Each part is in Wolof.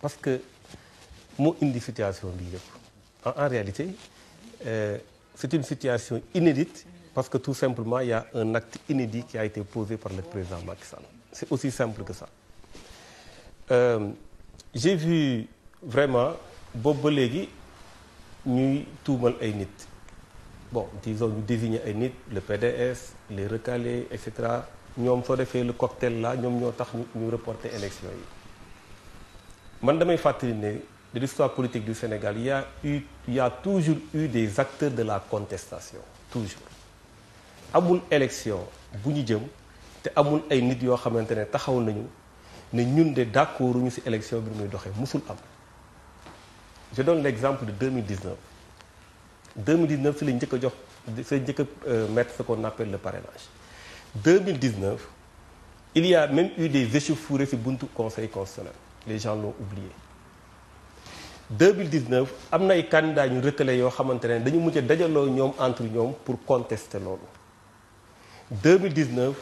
parce que moo indi situation bi yëpp en réalité euh, c'est une situation inédite parce que tout simplement il y a un acte inédit qui a été posé par le président Macky Sall c'est aussi simple que ça euh, j'ai vu vraiment boobu ba léegi ñuy tuumal ay nit bon disons ñu désigner ay nit le PDS les recalés et cetera ñoom soo defee le cocktail la ñoom ñoo tax ñu reporter élection yi man damay fàttali ne de l'histoire politique du Sénégal il y eu il toujours eu des acteurs de la contestation toujours amul élection bu ñu jëm te amul ay nit yoo xamante ne taxaw nañu ne ñun de d'accord ñu ci élection bi muy doxee musul am je donne l'exemple de 2019 2019 ci lañ njëkk a jox ci lañ njëkk a euh, mettre ce qu'on appelle le parrainage 2019 il y a même eu des échauffourées ci buntu conseil constitutionnel les gens l'ont oublié 2019 am na ay candidats ñu recalé yoo xamante ne dañu mujj dajaloo ñoom entre ñoom pour contester loolu 2019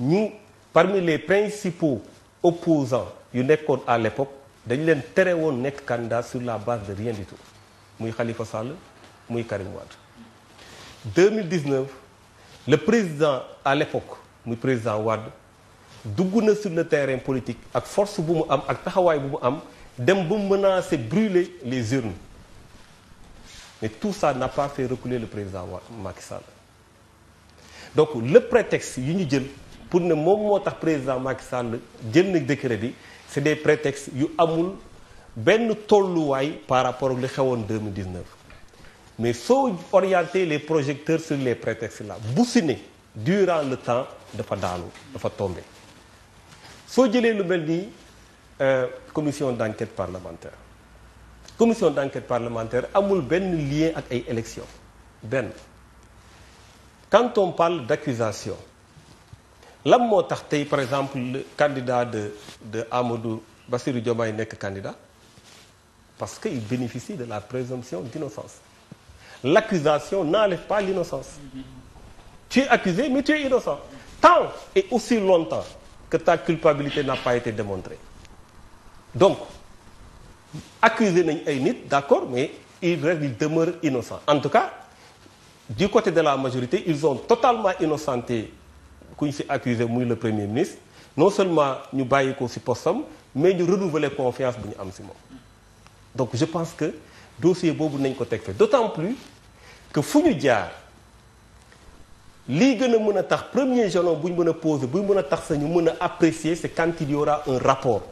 ñu parmi les principaux opposants yu nekkoon à l'époque dañu leen tere woon nekk candidat sur la base de rien du tout muy Khalifa Sall muy Karim Wade 2019 le président à l'époque muy président Wade dugg na sur le terrain politique ak force bu mu am ak taxawaay bu mu am dem ba menacer brûler les urnes mais tout ça n'a pas fait reculer le président Macky Sall donc le prétexte yu ñu jël pour ne moom moo tax président Macky Sall jël na décret bi c'est des prétextes yu amul benn tolluwaay par rapport ak li xewoon 2019 mais soo orienter les projecteurs sur les prétextes là bu si ne durant le temps dafa daanu dafa tombé soo jëlee lu mel ni euh, commission d' enquête parlementaire commission d' enquête parlementaire amul benn lien ak ay élections benn quand on parle d' accusation lan moo tax tey par exemple le candidat de de Amadou Bassirou Diomaye nekk candidat parce que il bénéficie de la présomption d'innocence l'accusation n'enlève pas l'innocence tu es accusé mais tu es innocent tant et aussi longtemps que ta culpabilité n'a pas été démontrée donc accuser nañ ay nit d'accord mais il reste il demeure innocent en tout cas du côté de la majorité ils ont totalement innocenté ku ñu ci accuser muy le premier ministre non seulement ñu bàyyi ko ci postam mais ñu renouveler confiance bu ñu am si moom donc je pense que dossier boobu nañ ko teg fe d'autant plus que fu ñu jaar lii gën a mën a tax premier jalon bu ñu mën a poser bu ñu mën a tax sañu mën a apprécier c'est quand il y aura un rapport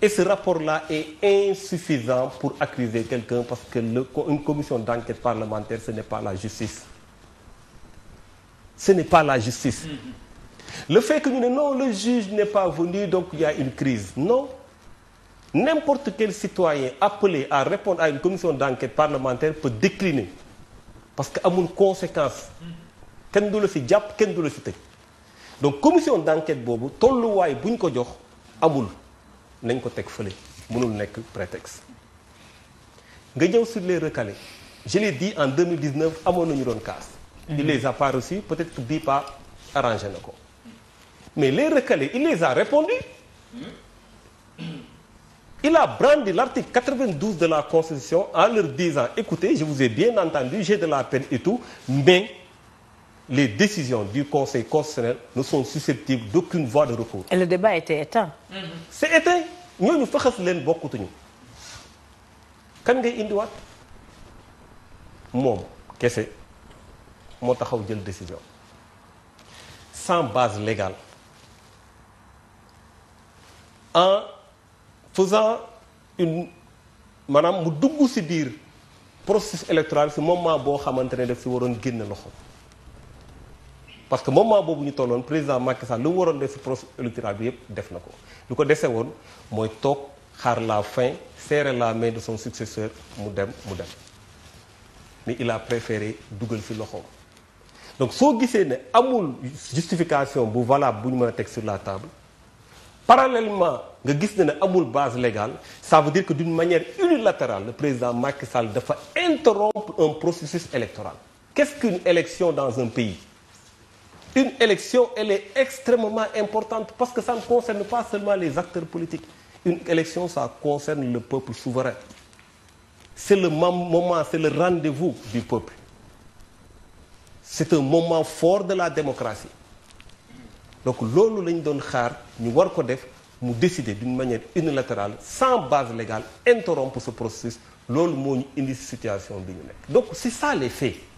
et ce rapport-là est insuffisant pour accuser quelqu'un parce que le, une commission d'enquête parlementaire ce n'est pas la justice ce n'est pas la justice le fait que ñu ne non le juge n'est pas venu donc il y a une crise non n'importe quel citoyen appelé à répondre à une commission d'enquête parlementaire peut décliner parce que amul conséquence kenn du la fi jàpp kenn du la fi tëj donc commission d'enquête boobu tolluwaay bu ñu ko jox amul nañ ko teg fële mënul nekk prétexte nga ñëw sur les recalés je l'ai dit en 2019 amoon nañu doon casse il mm-hmm. les a pas reçus peut-être bii pas arrangé na ko mais les recalés il les a répondu mm-hmm. il a brandi l'article 92 de la constitution en leur disant écoutez je vous ai bien entendu j'ai de la peine et tout mais les décisions du Conseil constitutionnel ne sont susceptibles d'aucune voie de recours. Et le débat était te Mmh. C'est éteint ñooñu faxas leen bokkutuñu kan ngay indiwaat moom kese moo taxaw jël décision sans base légale en faisant une maanaam mu dugg si biir processus électoral ci moment boo xamante ne daf ci waroon génn loxo. parce que moment boobu ñu tolloon président Macky Sall lu mu waroon yëpp def na ko lu ko dese woon mooy toog xaar la fin la main de son successeur mu dem mu dem mais il a préféré dugal si loxoom. donc soo gisee ne amul justification bu valable bu ñu mën a teg sur la table parallèlement nga gis ne ne amul base légale ça veut dire que d'une manière unilatérale le président Sall dafa interrompre processus électoral qu'est-ce qu'une élection dans un pays une élection, elle extrêmement importante parce que ça ne concerne pas seulement les acteurs politiques. Une élection, ça concerne le peuple souverain. C'est le moment, c'est le rendez-vous du peuple. C'est un moment fort de la démocratie. Donc, loolu nous doon xaar, ñu war ko def, nous décider d'une manière unilatérale, sans base légale, interrompre ce processus. moo ñu indi situation ñu Donc, c'est ça les faits.